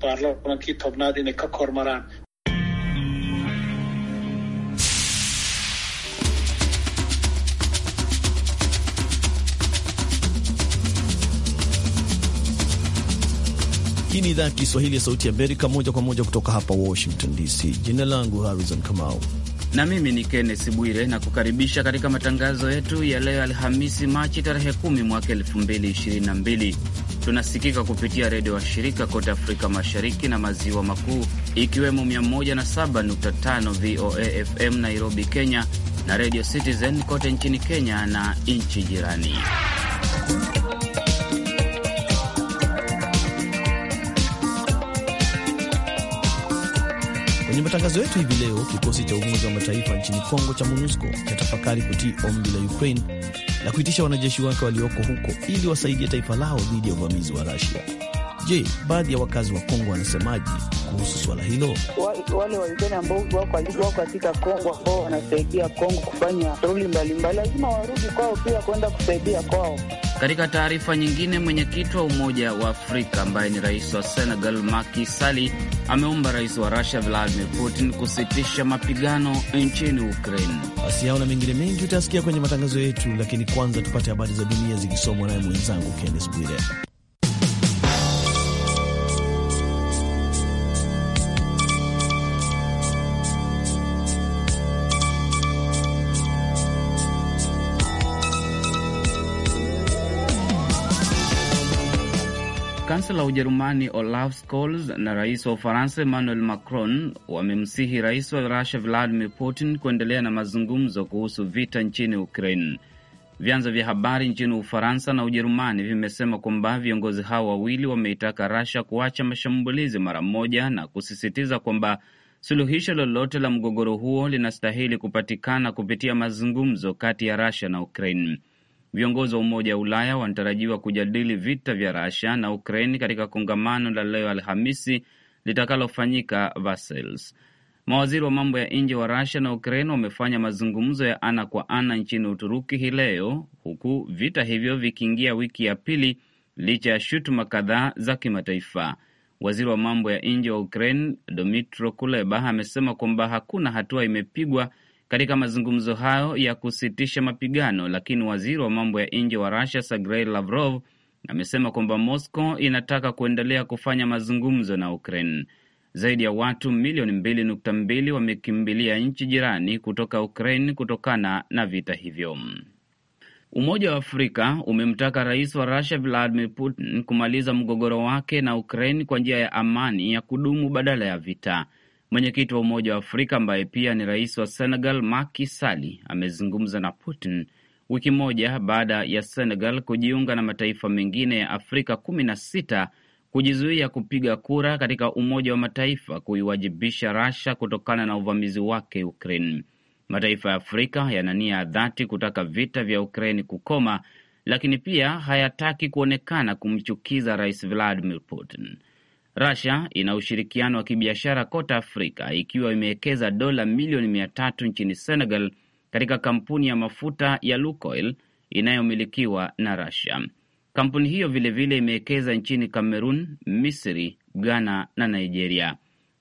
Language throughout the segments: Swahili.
baarlamankii tobnaad inay ka kor maraan. Hii ni idhaa ya Kiswahili ya Sauti ya Amerika, moja kwa moja kutoka hapa Washington DC. Jina langu Harrison Kamau na mimi ni kennes Bwire na kukaribisha katika matangazo yetu ya leo Alhamisi, Machi tarehe 10 mwaka 2022. Tunasikika kupitia redio washirika kote Afrika Mashariki na Maziwa Makuu, ikiwemo 107.5 VOA FM Nairobi, Kenya, na redio Citizen kote nchini Kenya na nchi jirani. Kwenye matangazo yetu hivi leo, kikosi cha Umoja wa Mataifa nchini Kongo cha MONUSCO tafakari kutii ombi la Ukraine na kuitisha wanajeshi wake walioko huko ili wasaidie taifa lao dhidi ya uvamizi wa Rusia. Je, baadhi ya wakazi wa Kongo wanasemaje kuhusu swala hilo? Wale Wauganda ambao wako katika Kongo ambao wanasaidia Kongo kufanya shughuli mbalimbali, lazima warudi kwao pia kwenda kusaidia kwao. Katika taarifa nyingine, mwenyekiti wa Umoja wa Afrika ambaye ni rais wa Senegal Macky Sall ameomba rais wa Rusia Vladimir Putin kusitisha mapigano nchini Ukraine. Basi hao na mengine mengi utasikia kwenye matangazo yetu, lakini kwanza tupate habari za dunia zikisomwa naye mwenzangu Kennes Bwire. la Ujerumani Olaf Scholz na rais wa Ufaransa Emmanuel Macron wamemsihi rais wa Rusia Vladimir Putin kuendelea na mazungumzo kuhusu vita nchini Ukraine. Vyanzo vya habari nchini Ufaransa na Ujerumani vimesema kwamba viongozi hao wawili wameitaka Rusia kuacha mashambulizi mara moja na kusisitiza kwamba suluhisho lolote la mgogoro huo linastahili kupatikana kupitia mazungumzo kati ya Rusia na Ukraine. Viongozi wa Umoja wa Ulaya wanatarajiwa kujadili vita vya Rusia na Ukraini katika kongamano la leo Alhamisi litakalofanyika Brussels. Mawaziri wa mambo ya nje wa Rusia na Ukraini wamefanya mazungumzo ya ana kwa ana nchini Uturuki hii leo, huku vita hivyo vikiingia wiki ya pili licha ya shutuma kadhaa za kimataifa. Waziri wa mambo ya nje wa Ukraini Dmytro Kuleba amesema kwamba hakuna hatua imepigwa katika mazungumzo hayo ya kusitisha mapigano, lakini waziri wa mambo ya nje wa rasia Sergei Lavrov amesema kwamba Moscow inataka kuendelea kufanya mazungumzo na Ukraine. Zaidi ya watu milioni mbili nukta mbili wamekimbilia nchi jirani kutoka Ukraine kutokana na vita hivyo. Umoja wa Afrika umemtaka rais wa Rusia Vladimir Putin kumaliza mgogoro wake na Ukraine kwa njia ya amani ya kudumu badala ya vita. Mwenyekiti wa Umoja wa Afrika ambaye pia ni rais wa Senegal, Macky Sall amezungumza na Putin wiki moja baada ya Senegal kujiunga na mataifa mengine ya Afrika kumi na sita kujizuia kupiga kura katika Umoja wa Mataifa kuiwajibisha Rasha kutokana na uvamizi wake Ukraine. Mataifa ya Afrika yana nia ya dhati kutaka vita vya Ukraini kukoma, lakini pia hayataki kuonekana kumchukiza Rais Vladimir Putin rusia ina ushirikiano wa kibiashara kote Afrika ikiwa imewekeza dola milioni mia tatu nchini Senegal katika kampuni ya mafuta ya Lukoil inayomilikiwa na Russia. Kampuni hiyo vilevile imewekeza nchini Cameroon, Misri, Ghana na Nigeria.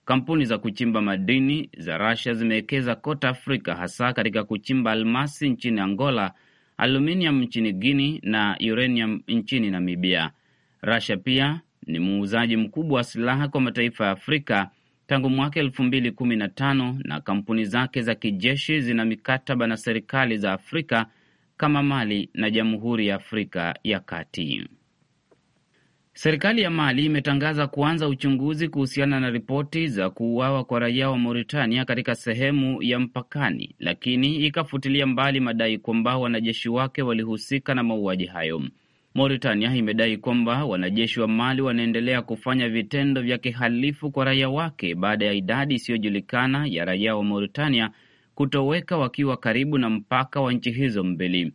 Kampuni za kuchimba madini za rasia zimewekeza kote Afrika, hasa katika kuchimba almasi nchini Angola, aluminium nchini Guinea na uranium nchini Namibia. rasia pia ni muuzaji mkubwa wa silaha kwa mataifa ya Afrika tangu mwaka elfu mbili kumi na tano na kampuni zake za kijeshi zina mikataba na serikali za Afrika kama Mali na Jamhuri ya Afrika ya Kati. Serikali ya Mali imetangaza kuanza uchunguzi kuhusiana na ripoti za kuuawa kwa raia wa Mauritania katika sehemu ya mpakani, lakini ikafutilia mbali madai kwamba wanajeshi wake walihusika na mauaji hayo. Mauritania imedai kwamba wanajeshi wa Mali wanaendelea kufanya vitendo vya kihalifu kwa raia wake baada ya idadi isiyojulikana ya raia wa Mauritania kutoweka wakiwa karibu na mpaka wa nchi hizo mbili.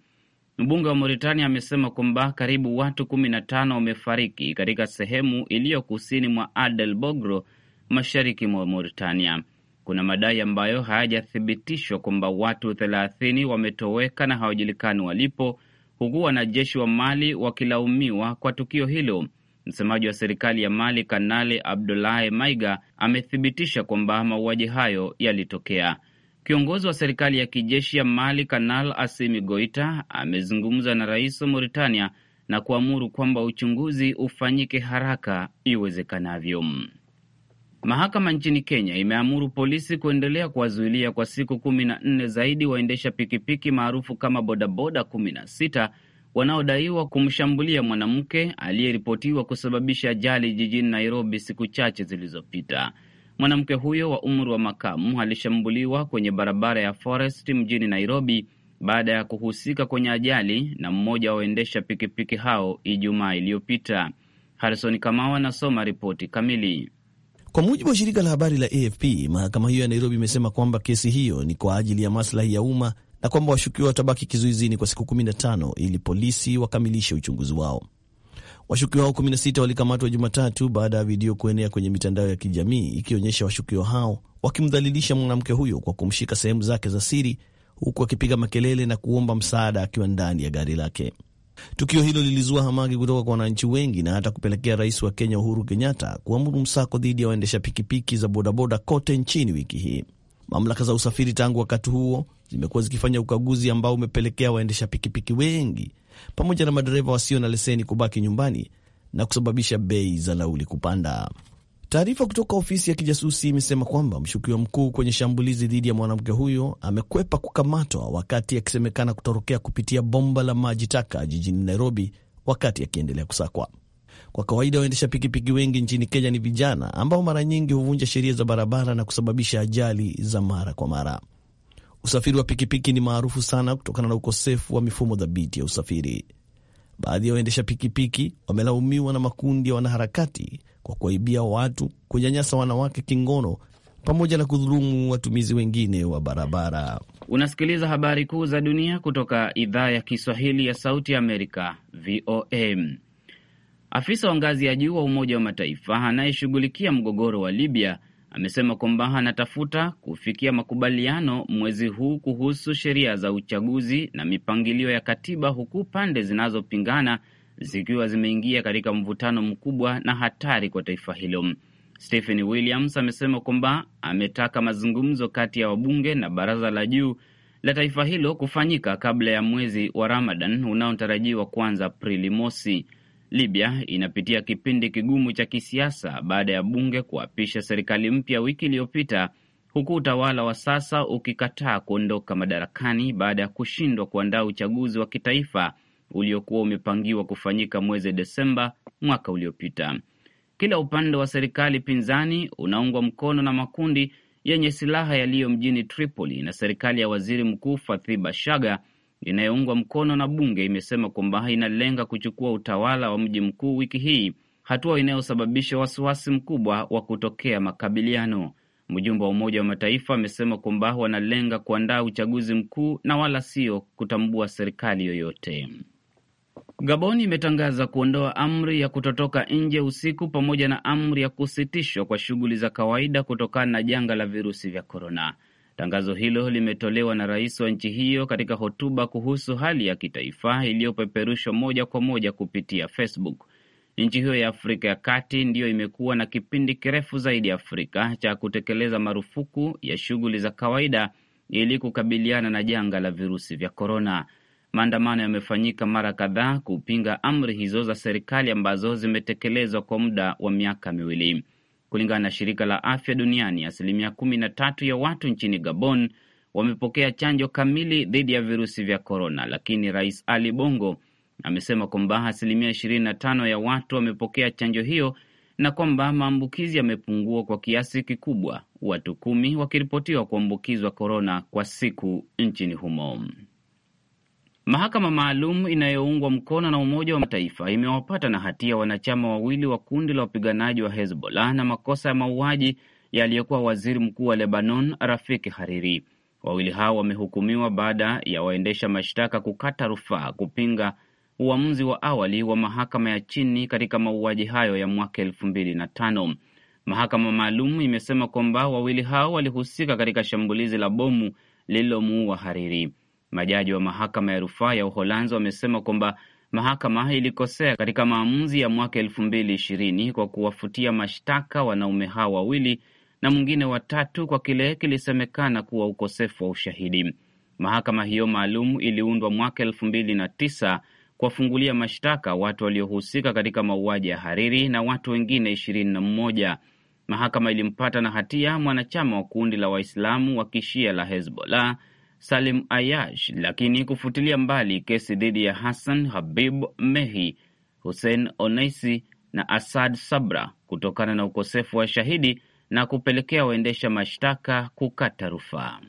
Mbunge wa Mauritania amesema kwamba karibu watu 15 wamefariki katika sehemu iliyo kusini mwa Adel Bogro, mashariki mwa Mauritania. Kuna madai ambayo hayajathibitishwa kwamba watu 30 wametoweka na hawajulikani walipo huku wanajeshi wa Mali wakilaumiwa kwa tukio hilo. Msemaji wa serikali ya Mali, Kanali Abdulahi Maiga, amethibitisha kwamba mauaji hayo yalitokea. Kiongozi wa serikali ya kijeshi ya Mali, Kanal Asimi Goita, amezungumza na rais wa Mauritania na kuamuru kwamba uchunguzi ufanyike haraka iwezekanavyo. Mahakama nchini Kenya imeamuru polisi kuendelea kuwazuilia kwa siku kumi na nne zaidi waendesha pikipiki maarufu kama bodaboda kumi na sita wanaodaiwa kumshambulia mwanamke aliyeripotiwa kusababisha ajali jijini Nairobi siku chache zilizopita. Mwanamke huyo wa umri wa makamu alishambuliwa kwenye barabara ya Forest mjini Nairobi baada ya kuhusika kwenye ajali na mmoja wa waendesha pikipiki hao Ijumaa iliyopita. harison Kamau anasoma ripoti kamili. Kwa mujibu wa shirika la habari la AFP, mahakama hiyo ya Nairobi imesema kwamba kesi hiyo ni kwa ajili ya maslahi ya umma na kwamba washukiwa watabaki kizuizini kwa siku 15 ili polisi wakamilishe uchunguzi wao. Washukiwa hao 16 walikamatwa Jumatatu baada ya video kuenea kwenye mitandao ya kijamii ikionyesha washukiwa hao wakimdhalilisha mwanamke huyo kwa kumshika sehemu zake za siri huku akipiga makelele na kuomba msaada akiwa ndani ya gari lake. Tukio hilo lilizua hamaki kutoka kwa wananchi wengi na hata kupelekea rais wa Kenya Uhuru Kenyatta kuamuru msako dhidi ya waendesha pikipiki za bodaboda kote nchini wiki hii. Mamlaka za usafiri tangu wakati huo zimekuwa zikifanya ukaguzi ambao umepelekea waendesha pikipiki wengi pamoja na madereva wasio na leseni kubaki nyumbani na kusababisha bei za nauli kupanda. Taarifa kutoka ofisi ya kijasusi imesema kwamba mshukiwa mkuu kwenye shambulizi dhidi ya mwanamke huyo amekwepa kukamatwa wakati akisemekana kutorokea kupitia bomba la maji taka jijini Nairobi wakati akiendelea kusakwa. Kwa kawaida waendesha pikipiki wengi nchini Kenya ni vijana ambao mara nyingi huvunja sheria za barabara na kusababisha ajali za mara kwa mara. Usafiri wa pikipiki ni maarufu sana kutokana na ukosefu wa mifumo dhabiti ya usafiri. Baadhi ya waendesha pikipiki wamelaumiwa na makundi ya wanaharakati kwa kuwaibia watu, kunyanyasa wanawake kingono pamoja na kudhulumu watumizi wengine wa barabara. Unasikiliza habari kuu za dunia kutoka idhaa ya Kiswahili ya Sauti Amerika, VOA. Afisa wa ngazi ya juu wa Umoja wa Mataifa anayeshughulikia mgogoro wa Libya amesema kwamba anatafuta kufikia makubaliano mwezi huu kuhusu sheria za uchaguzi na mipangilio ya katiba, huku pande zinazopingana zikiwa zimeingia katika mvutano mkubwa na hatari kwa taifa hilo. Stephen Williams amesema kwamba ametaka mazungumzo kati ya wabunge na baraza la juu la taifa hilo kufanyika kabla ya mwezi wa Ramadan unaotarajiwa kuanza Aprili mosi. Libya inapitia kipindi kigumu cha kisiasa baada ya bunge kuapisha serikali mpya wiki iliyopita huku utawala wa sasa ukikataa kuondoka madarakani baada ya kushindwa kuandaa uchaguzi wa kitaifa uliokuwa umepangiwa kufanyika mwezi Desemba mwaka uliopita. Kila upande wa serikali pinzani unaungwa mkono na makundi yenye silaha yaliyo mjini Tripoli na serikali ya waziri mkuu Fathi Bashaga inayoungwa mkono na bunge imesema kwamba inalenga kuchukua utawala wa mji mkuu wiki hii, hatua inayosababisha wasiwasi mkubwa wa kutokea makabiliano. Mjumbe wa Umoja wa Mataifa amesema kwamba wanalenga kuandaa uchaguzi mkuu na wala sio kutambua serikali yoyote. Gaboni imetangaza kuondoa amri ya kutotoka nje usiku pamoja na amri ya kusitishwa kwa shughuli za kawaida kutokana na janga la virusi vya korona. Tangazo hilo limetolewa na rais wa nchi hiyo katika hotuba kuhusu hali ya kitaifa iliyopeperushwa moja kwa moja kupitia Facebook. Nchi hiyo ya Afrika ya Kati ndiyo imekuwa na kipindi kirefu zaidi Afrika cha kutekeleza marufuku ya shughuli za kawaida ili kukabiliana na janga la virusi vya korona. Maandamano yamefanyika mara kadhaa kupinga amri hizo za serikali ambazo zimetekelezwa kwa muda wa miaka miwili. Kulingana na shirika la afya duniani, asilimia kumi na tatu ya watu nchini Gabon wamepokea chanjo kamili dhidi ya virusi vya korona, lakini Rais Ali Bongo amesema kwamba asilimia ishirini na tano ya watu wamepokea chanjo hiyo na kwamba maambukizi yamepungua kwa kiasi kikubwa, watu kumi wakiripotiwa kuambukizwa korona kwa siku nchini humo. Mahakama maalum inayoungwa mkono na Umoja wa Mataifa imewapata na hatia wanachama wawili wa kundi la wapiganaji wa Hezbollah na makosa ya mauaji ya aliyekuwa waziri mkuu wa Lebanon, Rafiki Hariri. Wawili hao wamehukumiwa baada ya waendesha mashtaka kukata rufaa kupinga uamuzi wa awali wa mahakama ya chini katika mauaji hayo ya mwaka elfu mbili na tano. Mahakama maalum imesema kwamba wawili hao walihusika katika shambulizi la bomu lililomuua Hariri. Majaji wa mahakama ya rufaa ya Uholanzi wamesema kwamba mahakama ilikosea katika maamuzi ya mwaka elfu mbili ishirini kwa kuwafutia mashtaka wanaume hao wawili na mwingine watatu kwa kile kilisemekana kuwa ukosefu wa ushahidi. Mahakama hiyo maalum iliundwa mwaka elfu mbili na tisa kuwafungulia mashtaka watu waliohusika katika mauaji ya Hariri na watu wengine ishirini na mmoja. Mahakama ilimpata na hatia mwanachama wa kundi la Waislamu wa kishia la Hezbollah Salim Ayash, lakini kufutilia mbali kesi dhidi ya Hassan Habib Mehi, Hussein onaisi na Asad Sabra kutokana na ukosefu wa shahidi na kupelekea waendesha mashtaka kukata rufaa.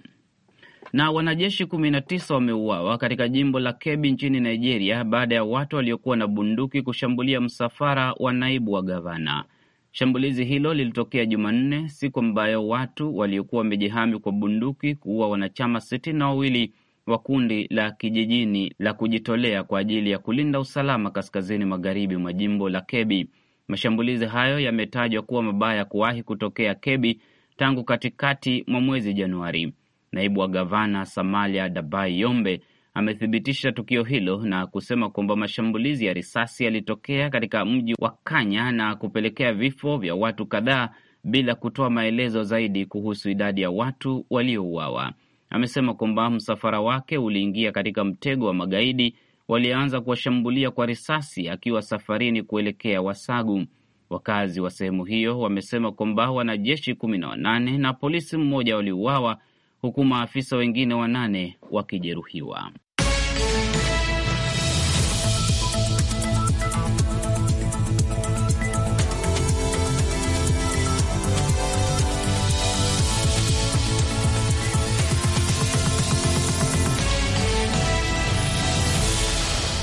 Na wanajeshi 19 wameuawa katika jimbo la kebi nchini Nigeria baada ya watu waliokuwa na bunduki kushambulia msafara wa naibu wa gavana. Shambulizi hilo lilitokea Jumanne, siku ambayo watu waliokuwa wamejihami kwa bunduki kuua wanachama sitini na wawili wa kundi la kijijini la kujitolea kwa ajili ya kulinda usalama kaskazini magharibi mwa jimbo la Kebi. Mashambulizi hayo yametajwa kuwa mabaya kuwahi kutokea Kebi tangu katikati mwa mwezi Januari. Naibu wa gavana Samalia Dabai Yombe amethibitisha tukio hilo na kusema kwamba mashambulizi ya risasi yalitokea katika mji wa Kanya na kupelekea vifo vya watu kadhaa bila kutoa maelezo zaidi kuhusu idadi ya watu waliouawa. Amesema kwamba msafara wake uliingia katika mtego wa magaidi walianza kuwashambulia kwa risasi akiwa safarini kuelekea Wasagu. Wakazi wa sehemu hiyo wamesema kwamba wanajeshi kumi na wanane na polisi mmoja waliuawa huku maafisa wengine wanane wakijeruhiwa.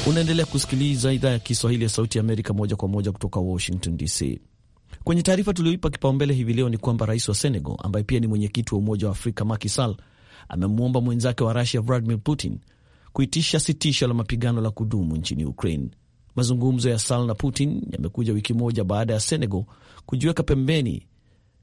Unaendelea kusikiliza idhaa ya Kiswahili ya Sauti ya Amerika moja kwa moja kutoka Washington DC. Kwenye taarifa tulioipa kipaumbele hivi leo ni kwamba rais wa Senegal ambaye pia ni mwenyekiti wa Umoja wa Afrika Macky Sall amemwomba mwenzake wa Rusia Vladimir Putin kuitisha sitisho la mapigano la kudumu nchini Ukraine. Mazungumzo ya Sall na Putin yamekuja wiki moja baada ya Senegal kujiweka pembeni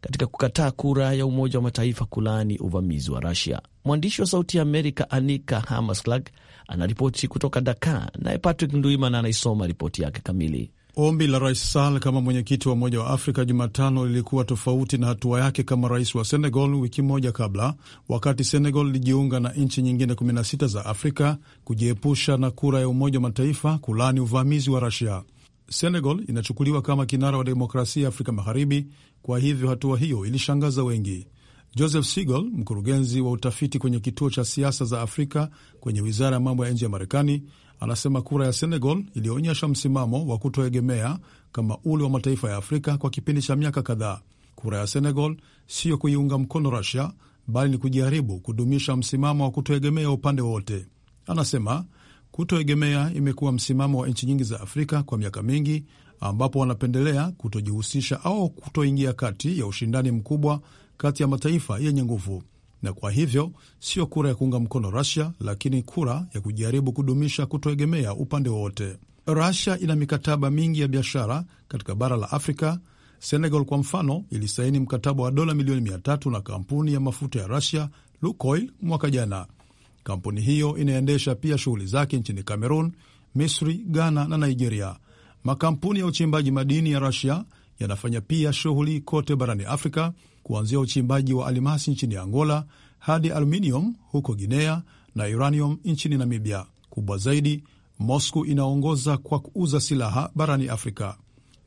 katika kukataa kura ya Umoja wa Mataifa kulaani uvamizi wa Rusia. Mwandishi wa Sauti ya Amerika Anika hamaslag anaripoti kutoka Dakar, naye Patrick Nduimana anaisoma ripoti yake kamili. Ombi la Rais Sall kama mwenyekiti wa Umoja wa Afrika Jumatano lilikuwa tofauti na hatua yake kama rais wa Senegal wiki moja kabla, wakati Senegal ilijiunga na nchi nyingine 16 za Afrika kujiepusha na kura ya Umoja wa Mataifa kulani uvamizi wa Rusia. Senegal inachukuliwa kama kinara wa demokrasia Afrika Magharibi, kwa hivyo hatua hiyo ilishangaza wengi. Joseph sigl mkurugenzi wa utafiti kwenye kituo cha siasa za Afrika kwenye wizara ya mambo ya nje ya Marekani, anasema kura ya Senegal ilionyesha msimamo wa kutoegemea kama ule wa mataifa ya Afrika kwa kipindi cha miaka kadhaa. Kura ya Senegal siyo kuiunga mkono rasia bali ni kujaribu kudumisha msimamo wa kutoegemea upande wowote. Anasema kutoegemea imekuwa msimamo wa nchi nyingi za Afrika kwa miaka mingi, ambapo wanapendelea kutojihusisha au kutoingia kati ya ushindani mkubwa kati ya mataifa yenye nguvu na kwa hivyo sio kura ya kuunga mkono rasia lakini kura ya kujaribu kudumisha kutoegemea upande wowote. rusia ina mikataba mingi ya biashara katika bara la Afrika. Senegal kwa mfano ilisaini mkataba wa dola milioni mia tatu na kampuni ya mafuta ya rasia Lukoil mwaka jana. Kampuni hiyo inaendesha pia shughuli zake nchini Cameroon, Misri, Ghana na Nigeria. Makampuni ya uchimbaji madini ya rusia yanafanya pia shughuli kote barani Afrika, kuanzia uchimbaji wa almasi nchini Angola hadi aluminium huko Guinea na uranium nchini Namibia. Kubwa zaidi, Moscow inaongoza kwa kuuza silaha barani Afrika.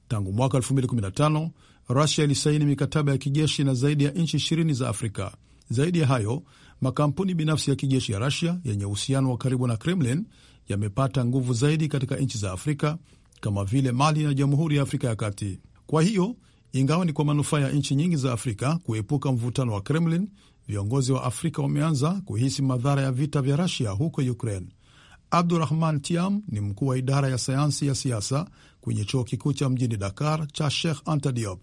Tangu mwaka 2015 Rusia ilisaini mikataba ya kijeshi na zaidi ya nchi ishirini za Afrika. Zaidi ya hayo, makampuni binafsi ya kijeshi ya Rusia yenye uhusiano wa karibu na Kremlin yamepata nguvu zaidi katika nchi za Afrika kama vile Mali na Jamhuri ya Afrika ya Kati. Kwa hiyo ingawa ni kwa manufaa ya nchi nyingi za Afrika kuepuka mvutano wa Kremlin, viongozi wa Afrika wameanza kuhisi madhara ya vita vya Rusia huko Ukraine. Abdurahman Tiam ni mkuu wa idara ya sayansi ya siasa kwenye chuo kikuu cha mjini Dakar cha Sheikh Anta Diop.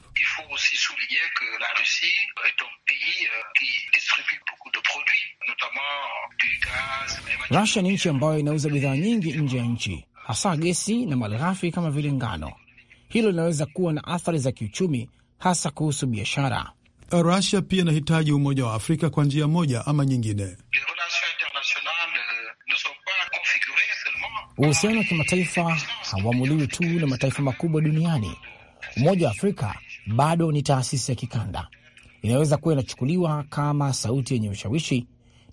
Rusia euh, ni nchi ambayo inauza bidhaa nyingi nje ya nchi, hasa gesi na malighafi kama vile ngano hilo linaweza kuwa na athari za kiuchumi, hasa kuhusu biashara. Rusia pia inahitaji Umoja wa Afrika kwa njia moja ama nyingine. Uhusiano wa kimataifa hauamuliwi tu na mataifa makubwa duniani. Umoja wa Afrika bado ni taasisi ya kikanda, inaweza kuwa inachukuliwa kama sauti yenye ushawishi,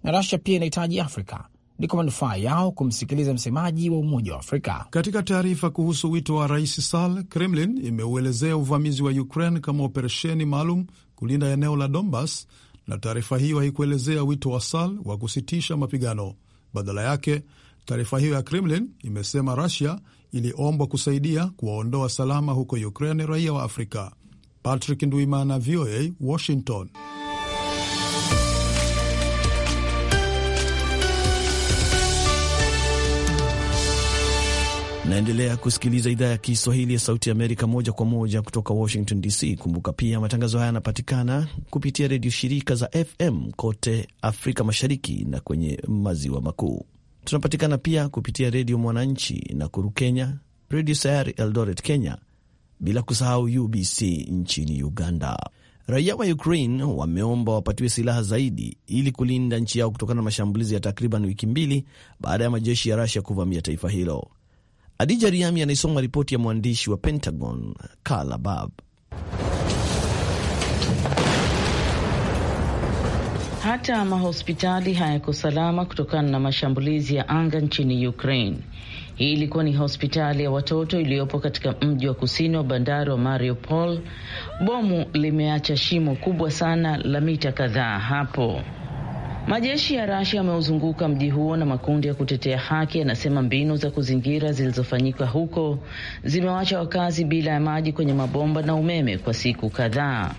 na Rusia pia inahitaji Afrika ni kwa manufaa yao kumsikiliza msemaji wa Umoja wa Afrika. Katika taarifa kuhusu wito wa Rais sal Kremlin imeuelezea uvamizi wa Ukraine kama operesheni maalum kulinda eneo la Donbas, na taarifa hiyo haikuelezea wito wa sal wa kusitisha mapigano. Badala yake, taarifa hiyo ya Kremlin imesema Rusia iliombwa kusaidia kuwaondoa salama huko Ukraine raia wa Afrika. Patrick Nduimana, VOA, Washington. naendelea kusikiliza idhaa ya Kiswahili ya Sauti ya Amerika moja kwa moja kutoka Washington DC. Kumbuka pia matangazo haya yanapatikana kupitia redio shirika za FM kote Afrika Mashariki na kwenye Maziwa Makuu. Tunapatikana pia kupitia Redio Mwananchi Nakuru Kenya, Redio Sayari Eldoret Kenya, bila kusahau UBC nchini Uganda. Raia wa Ukraine wameomba wapatiwe silaha zaidi ili kulinda nchi yao kutokana na mashambulizi ya takriban wiki mbili baada ya majeshi ya rasia kuvamia taifa hilo. Adija Riami anaisoma ripoti ya mwandishi wa Pentagon Karla Babb. Hata mahospitali hayako salama kutokana na mashambulizi ya anga nchini Ukraine. Hii ilikuwa ni hospitali ya watoto iliyopo katika mji wa kusini wa bandari wa Mariupol. Bomu limeacha shimo kubwa sana la mita kadhaa hapo. Majeshi ya Rasia yameuzunguka mji huo na makundi ya kutetea haki yanasema mbinu za kuzingira zilizofanyika huko zimewacha wakazi bila ya maji kwenye mabomba na umeme kwa siku kadhaa.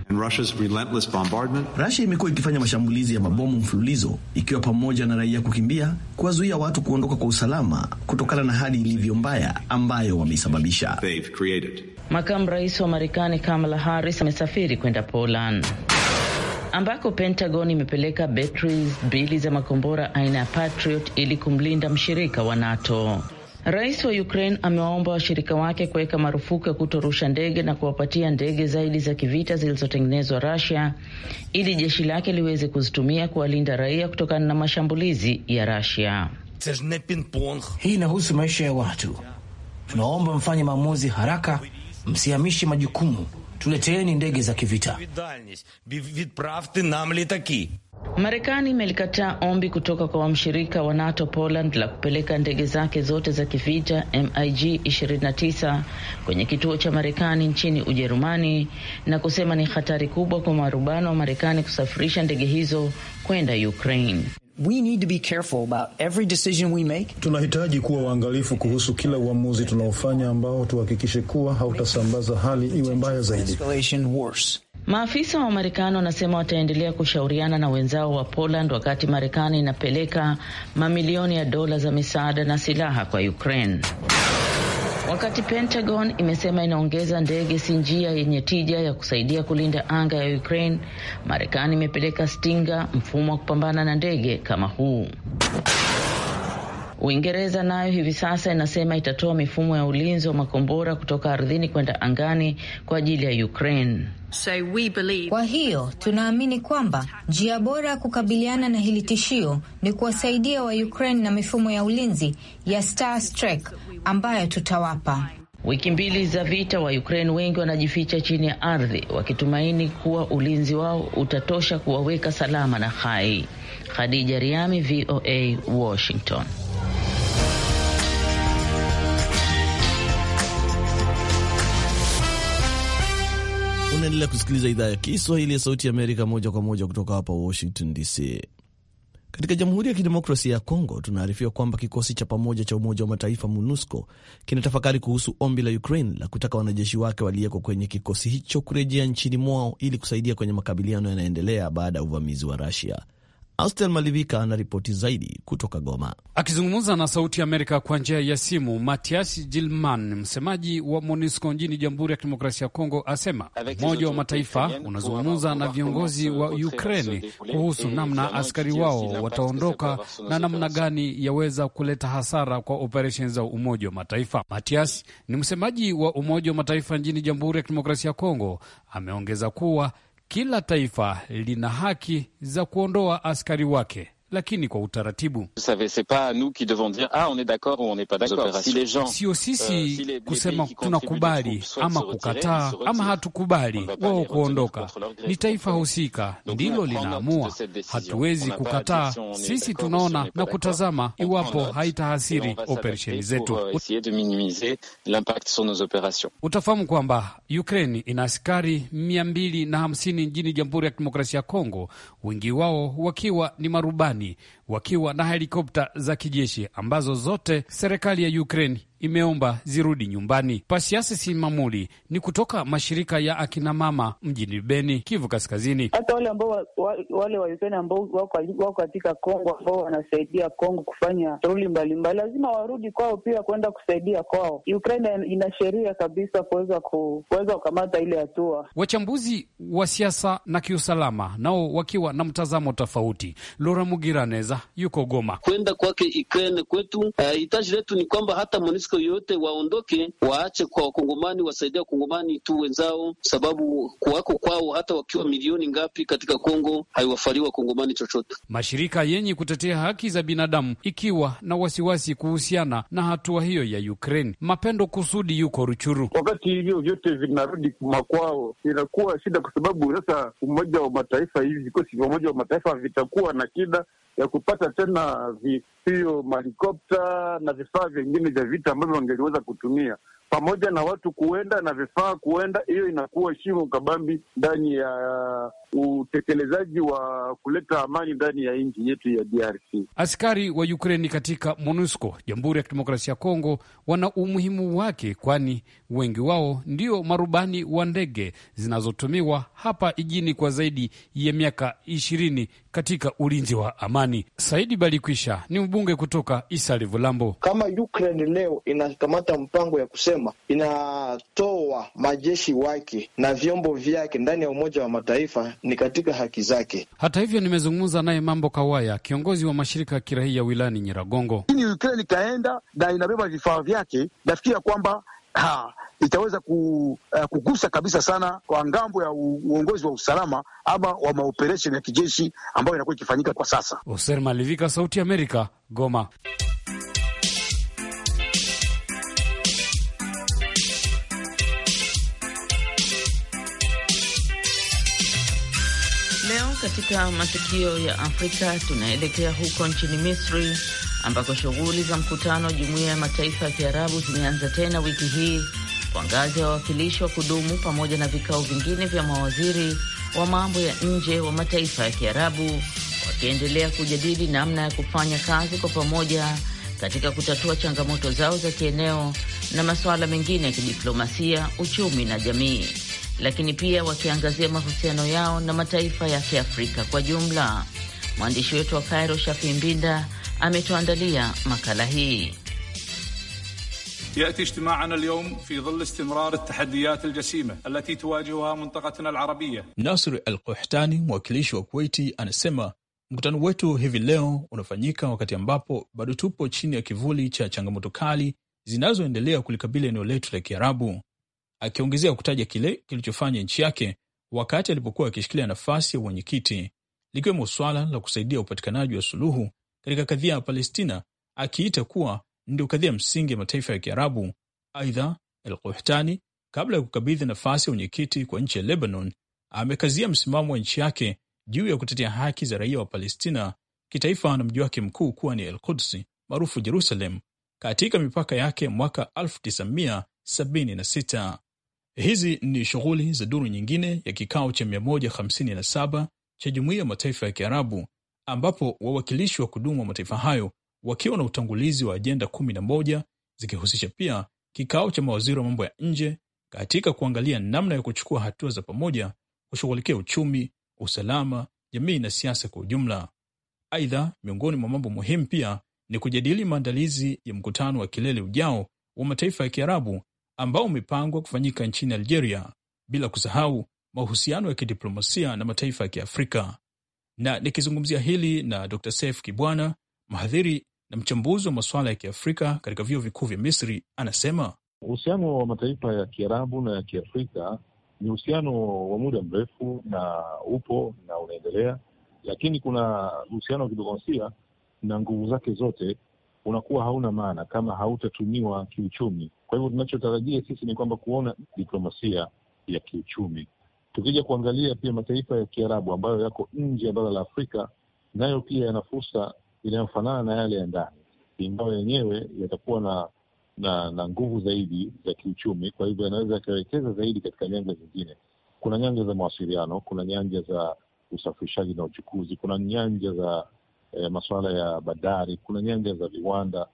Rasia imekuwa ikifanya mashambulizi ya mabomu mfululizo, ikiwa pamoja na raia kukimbia, kuwazuia watu kuondoka kwa usalama kutokana na hali ilivyo mbaya ambayo wameisababisha. Makamu rais wa Marekani Kamala Harris amesafiri kwenda Poland ambako Pentagon imepeleka betri mbili za makombora aina ya Patriot ili kumlinda mshirika wa NATO. Rais wa Ukraine amewaomba washirika wake kuweka marufuku ya kutorusha ndege na kuwapatia ndege zaidi za kivita zilizotengenezwa Russia ili jeshi lake liweze kuzitumia kuwalinda raia kutokana na mashambulizi ya Russia. Hii inahusu maisha ya watu. Tunaomba mfanye maamuzi haraka, msihamishe majukumu tuleteeni ndege za kivita. Marekani imelikataa ombi kutoka kwa wamshirika wa NATO Poland la kupeleka ndege zake zote za kivita MiG 29 kwenye kituo cha Marekani nchini Ujerumani na kusema ni hatari kubwa kwa marubano wa Marekani kusafirisha ndege hizo kwenda Ukraine. We need to be careful about every decision we make. Tunahitaji kuwa waangalifu kuhusu kila uamuzi tunaofanya ambao tuhakikishe kuwa hautasambaza hali iwe mbaya zaidi. Maafisa wa Marekani wanasema wataendelea kushauriana na wenzao wa Poland wakati Marekani inapeleka mamilioni ya dola za misaada na silaha kwa Ukraine. Wakati Pentagon imesema inaongeza ndege si njia yenye tija ya kusaidia kulinda anga ya Ukraine, Marekani imepeleka stinga mfumo wa kupambana na ndege kama huu. Uingereza nayo hivi sasa inasema itatoa mifumo ya ulinzi wa makombora kutoka ardhini kwenda angani kwa ajili ya Ukraine. Kwa hiyo tunaamini kwamba njia bora ya kukabiliana na hili tishio ni kuwasaidia wa Ukraine na mifumo ya ulinzi ya Starstreak ambayo tutawapa. Wiki mbili za vita, wa Ukraine wengi wanajificha chini ya ardhi wakitumaini kuwa ulinzi wao utatosha kuwaweka salama na hai. Khadija Riami, VOA, Washington. unaendelea kusikiliza idhaa ya Kiswahili ya Sauti ya Amerika moja kwa moja kutoka hapa Washington DC. Katika Jamhuri ya Kidemokrasia ya Kongo tunaarifiwa kwamba kikosi cha pamoja cha Umoja wa Mataifa MONUSCO kinatafakari kuhusu ombi la Ukraine la kutaka wanajeshi wake waliyekwa kwenye kikosi hicho kurejea nchini mwao ili kusaidia kwenye makabiliano yanayoendelea baada ya uvamizi wa Rusia astel Malivika anaripoti zaidi kutoka Goma. Akizungumza na Sauti ya Amerika kwa njia ya simu, Matias Gilman, msemaji wa MONUSCO nchini Jamhuri ya Kidemokrasia ya Kongo, asema Umoja wa Mataifa unazungumza na viongozi wa Ukraini kuhusu namna askari wao wataondoka na namna gani yaweza kuleta hasara kwa operesheni za Umoja wa Mataifa. Matias ni msemaji wa Umoja wa Mataifa nchini Jamhuri ya Kidemokrasia ya Kongo, ameongeza kuwa kila taifa lina haki za kuondoa askari wake lakini kwa utaratibu. Ah, Sio sisi euh, kusema tunakubali ama kukataa ama hatukubali wao kuondoka, ni taifa husika ndilo linaamua. Hatuwezi kukataa, sisi tunaona na kutazama iwapo haitahasiri operesheni zetu. Euh, Utafahamu kwamba Ukraine ina askari mia mbili na hamsini nchini Jamhuri ya Kidemokrasia ya Kongo, wengi wao wakiwa ni marubani ne wakiwa na helikopta za kijeshi ambazo zote serikali ya Ukraine imeomba zirudi nyumbani. Pasiasi Simamuli ni kutoka mashirika ya akinamama mjini Beni, Kivu Kaskazini. Hata wale ambao wale wa Ukraine ambao wako katika Kongo ambao wanasaidia Kongo kufanya shughuli mbalimbali, lazima warudi kwao pia kwenda kusaidia kwao. Ukraine ina sheria kabisa kuweza kuweza kukamata ile hatua. Wachambuzi wa siasa na kiusalama nao wakiwa na mtazamo tofauti. Lora Mugiraneza yuko Goma. Kwenda kwake Ukraine kwetu, uh, hitaji letu ni kwamba hata MONUSCO yote waondoke, waache kwa wakongomani, wasaidia wakongomani tu wenzao, sababu kuwako kwao hata wakiwa milioni ngapi katika Kongo haiwafalii wakongomani chochote. Mashirika yenye kutetea haki za binadamu ikiwa na wasiwasi kuhusiana na hatua hiyo ya Ukraine. Mapendo Kusudi yuko Ruchuru. Wakati hivyo vyote vinarudi makwao, inakuwa shida kwa sababu sasa Umoja wa Mataifa hivi vikosi vya Umoja wa Mataifa vitakuwa na shida ya kupata tena vipio, mahelikopta na vifaa vingine vya vita ambavyo wangeliweza kutumia pamoja na watu kuenda na vifaa kuenda, hiyo inakuwa shimo kabambi ndani ya utekelezaji wa kuleta amani ndani ya nchi yetu ya DRC. Askari wa Ukraini katika MONUSCO Jamhuri ya Kidemokrasia ya Kongo wana umuhimu wake, kwani wengi wao ndio marubani wa ndege zinazotumiwa hapa ijini kwa zaidi ya miaka ishirini katika ulinzi wa amani. Saidi Balikwisha ni mbunge kutoka Isari Kama Ukraini leo inakamata mpango ya kusema inasema inatoa majeshi wake na vyombo vyake ndani ya Umoja wa Mataifa ni katika haki zake. Hata hivyo, nimezungumza naye Mambo Kawaya, kiongozi wa mashirika ya kiraia wilani Nyiragongo. Ini Ukraine ikaenda na inabeba vifaa vyake, nafikiri ya kwamba ha, itaweza ku, uh, kugusa kabisa sana kwa ngambo ya uongozi wa usalama ama wa maoperesheni ya kijeshi ambayo inakuwa ikifanyika kwa sasa. Oser Malivika, Sauti Amerika, Goma. leo katika matukio ya Afrika tunaelekea huko nchini Misri ambako shughuli za mkutano wa Jumuiya ya Mataifa ya Kiarabu zimeanza tena wiki hii kwa ngazi ya wawakilishi wa kudumu pamoja na vikao vingine vya mawaziri wa mambo ya nje wa mataifa ya Kiarabu wakiendelea kujadili namna ya kufanya kazi kwa pamoja katika kutatua changamoto zao za kieneo na masuala mengine ya kidiplomasia, uchumi na jamii lakini pia wakiangazia mahusiano yao na mataifa ya Kiafrika kwa jumla. Mwandishi wetu wa Kairo, Shafi Mbinda, ametuandalia makala hii. Yati ijtimaana lyum fi dhil istimrar altahadiyat aljasima allati tuwajihuha mintaqatuna alarabia. Nasr Al-Qahtani, mwakilishi wa Kuwaiti, anasema mkutano wetu hivi leo unafanyika wakati ambapo bado tupo chini ya kivuli cha changamoto kali zinazoendelea kulikabili eneo letu la Kiarabu akiongezea kutaja kile kilichofanya nchi yake wakati alipokuwa akishikilia nafasi ya uwenyekiti, likiwemo swala la kusaidia upatikanaji wa suluhu katika kadhia ya Palestina, akiita kuwa ndio kadhia msingi ya mataifa ya Kiarabu. Aidha, El kuhtani kabla ya kukabidhi nafasi ya wenyekiti kwa nchi ya Lebanon, amekazia msimamo wa nchi yake juu ya kutetea haki za raia wa Palestina kitaifa na mji wake mkuu kuwa ni El Kudsi maarufu Jerusalem katika mipaka yake mwaka 1976. Hizi ni shughuli za duru nyingine ya kikao cha 157 cha Jumuiya ya Mataifa ya Kiarabu, ambapo wawakilishi wa kudumu wa mataifa hayo wakiwa na utangulizi wa ajenda 11 zikihusisha pia kikao cha mawaziri wa mambo ya nje katika kuangalia namna ya kuchukua hatua za pamoja kushughulikia uchumi, usalama, jamii na siasa kwa ujumla. Aidha, miongoni mwa mambo muhimu pia ni kujadili maandalizi ya mkutano wa kilele ujao wa mataifa ya Kiarabu ambao umepangwa kufanyika nchini Algeria, bila kusahau mahusiano ya kidiplomasia na mataifa ya Kiafrika. Na nikizungumzia hili na Dr Sef Kibwana, mhadhiri na mchambuzi wa masuala ya Kiafrika katika vyuo vikuu vya Misri, anasema uhusiano wa mataifa ya Kiarabu na ya Kiafrika ni uhusiano wa muda mrefu na upo na unaendelea, lakini kuna uhusiano wa kidiplomasia na nguvu zake zote unakuwa hauna maana kama hautatumiwa kiuchumi kwa hivyo tunachotarajia sisi ni kwamba kuona diplomasia ya kiuchumi. Tukija kuangalia pia mataifa ya Kiarabu ambayo yako nje ya bara la Afrika, nayo pia yana fursa inayofanana na yale ya ndani, ingawa yenyewe yatakuwa na na na nguvu zaidi za kiuchumi. Kwa hivyo yanaweza yakawekeza zaidi katika nyanja zingine. Kuna nyanja za mawasiliano, kuna nyanja za usafirishaji na uchukuzi, kuna nyanja za eh, masuala ya bandari, kuna nyanja za viwanda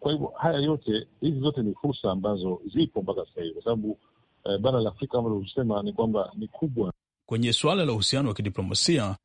kwa hivyo haya yote, hizi zote ni fursa ambazo zipo mpaka sasa hivi, kwa sababu eh, bara la Afrika kama ulivyosema ni kwamba ni kubwa. Kwenye suala la uhusiano wa kidiplomasia,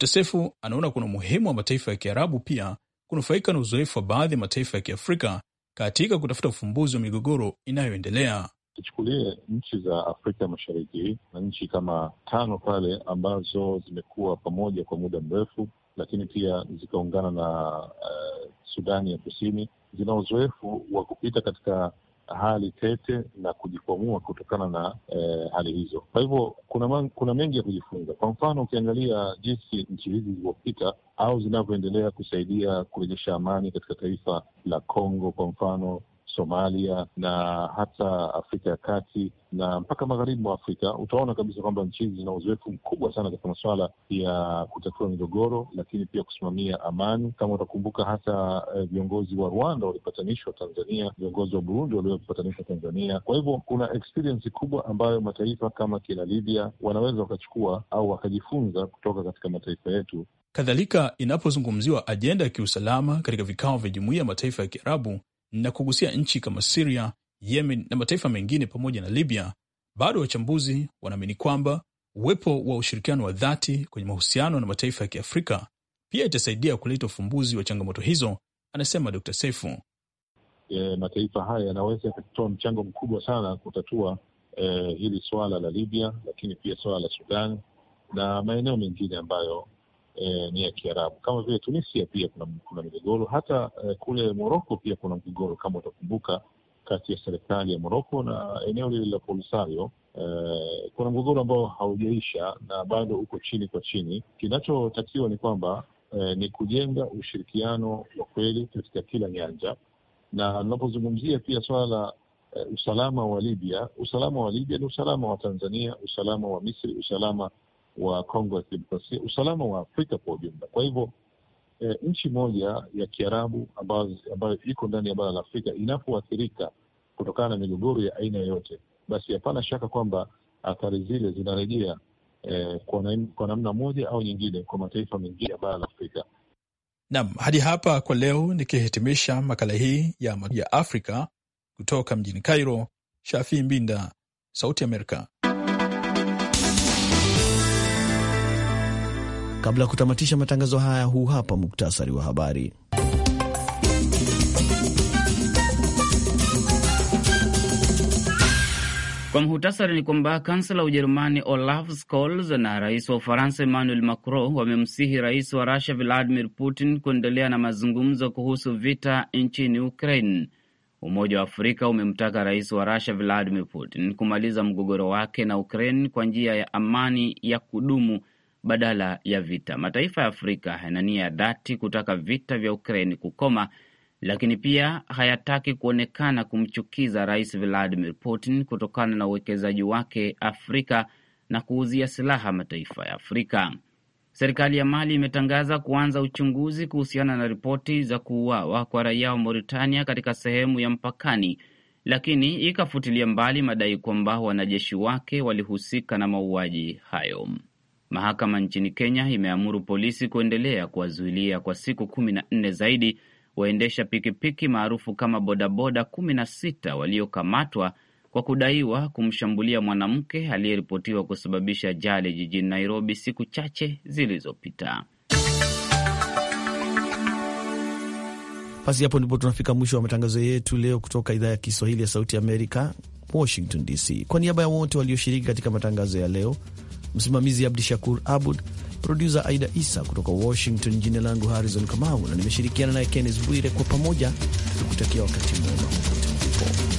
d Sefu anaona kuna umuhimu wa mataifa ya Kiarabu pia kunufaika na uzoefu wa baadhi ya mataifa ya Kiafrika katika kutafuta ufumbuzi wa migogoro inayoendelea. Tuchukulie nchi za Afrika Mashariki na nchi kama tano pale ambazo zimekuwa pamoja kwa muda mrefu lakini pia zikaungana na uh, Sudani ya Kusini. Zina uzoefu wa kupita katika hali tete na kujikwamua kutokana na eh, hali hizo. Kwa hivyo kuna man, kuna mengi ya kujifunza. Kwa mfano, ukiangalia jinsi nchi hizi zilivyopita au zinavyoendelea kusaidia kurejesha amani katika taifa la Kongo, kwa mfano Somalia na hata Afrika ya Kati na mpaka magharibi mwa Afrika, utaona kabisa kwamba nchi hizi zina uzoefu mkubwa sana katika masuala ya kutatua migogoro, lakini pia kusimamia amani. Kama utakumbuka, hata eh, viongozi wa Rwanda walipatanishwa Tanzania, viongozi wa Burundi waliopatanishwa Tanzania. Kwa hivyo kuna experience kubwa ambayo mataifa kama kina Libya wanaweza wakachukua au wakajifunza kutoka katika mataifa yetu. Kadhalika, inapozungumziwa ajenda ya kiusalama katika vikao vya Jumuiya ya Mataifa ya Kiarabu, na kugusia nchi kama Siria, Yemen na mataifa mengine pamoja na Libya, bado wachambuzi wanaamini kwamba uwepo wa ushirikiano wa dhati kwenye mahusiano na mataifa ya Kiafrika pia itasaidia kuleta ufumbuzi wa changamoto hizo, anasema Dr. Seifu. E, mataifa haya yanaweza yakatoa mchango mkubwa sana kutatua e, hili swala la Libya, lakini pia swala la Sudan na maeneo mengine ambayo e, ni ya Kiarabu kama vile Tunisia pia kuna, kuna migogoro hata e, kule Moroko pia kuna mgogoro kama utakumbuka, kati ya serikali ya Moroko na eneo lile la Polisario. E, kuna mgogoro ambao haujaisha na bado uko chini kwa chini. Kinachotakiwa ni kwamba e, ni kujenga ushirikiano wa kweli katika kila nyanja, na unapozungumzia pia swala la e, usalama wa Libya, usalama wa Libya ni usalama wa Tanzania, usalama wa Misri, usalama wa Kongo ya Kidemokrasia, usalama wa Afrika kwa ujumla. Kwa hivyo e, nchi moja ya Kiarabu ambayo iko ndani ya bara la Afrika inapoathirika kutokana na migogoro ya aina yoyote, basi hapana shaka kwamba athari zile zinarejea e, kwa, na, kwa namna moja au nyingine kwa mataifa mengine ya bara la Afrika. nam hadi hapa kwa leo nikihitimisha makala hii ya ya Afrika kutoka mjini Cairo, Shafii Mbinda, Sauti Amerika. Kabla ya kutamatisha matangazo haya, huu hapa muktasari wa habari. Kwa muhtasari ni kwamba kansela wa Ujerumani Olaf Scholz na rais wa Ufaransa Emmanuel Macron wamemsihi rais wa Rusia Vladimir Putin kuendelea na mazungumzo kuhusu vita nchini Ukraine. Umoja wa Afrika umemtaka rais wa Rusia Vladimir Putin kumaliza mgogoro wake na Ukraine kwa njia ya amani ya kudumu badala ya vita. Mataifa ya Afrika yana nia ya dhati kutaka vita vya Ukraini kukoma, lakini pia hayataki kuonekana kumchukiza Rais Vladimir Putin kutokana na uwekezaji wake Afrika na kuuzia silaha mataifa ya Afrika. Serikali ya Mali imetangaza kuanza uchunguzi kuhusiana na ripoti za kuuawa kwa raia wa Mauritania katika sehemu ya mpakani, lakini ikafutilia mbali madai kwamba wanajeshi wake walihusika na mauaji hayo. Mahakama nchini Kenya imeamuru polisi kuendelea kuwazuilia kwa siku kumi na nne zaidi waendesha pikipiki maarufu kama bodaboda kumi na sita waliokamatwa kwa kudaiwa kumshambulia mwanamke aliyeripotiwa kusababisha ajali jijini Nairobi siku chache zilizopita. Basi hapo ndipo tunafika mwisho wa matangazo yetu leo kutoka idhaa ya Kiswahili ya Sauti Amerika, Washington DC. Kwa niaba ya wote walioshiriki katika matangazo ya leo Msimamizi Abdi Shakur Abud, produsa Aida Isa kutoka Washington. Jina langu Harrison Kamau na nimeshirikiana naye Kennes Bwire, kwa pamoja tukutakia wakati mwema popote ulipo.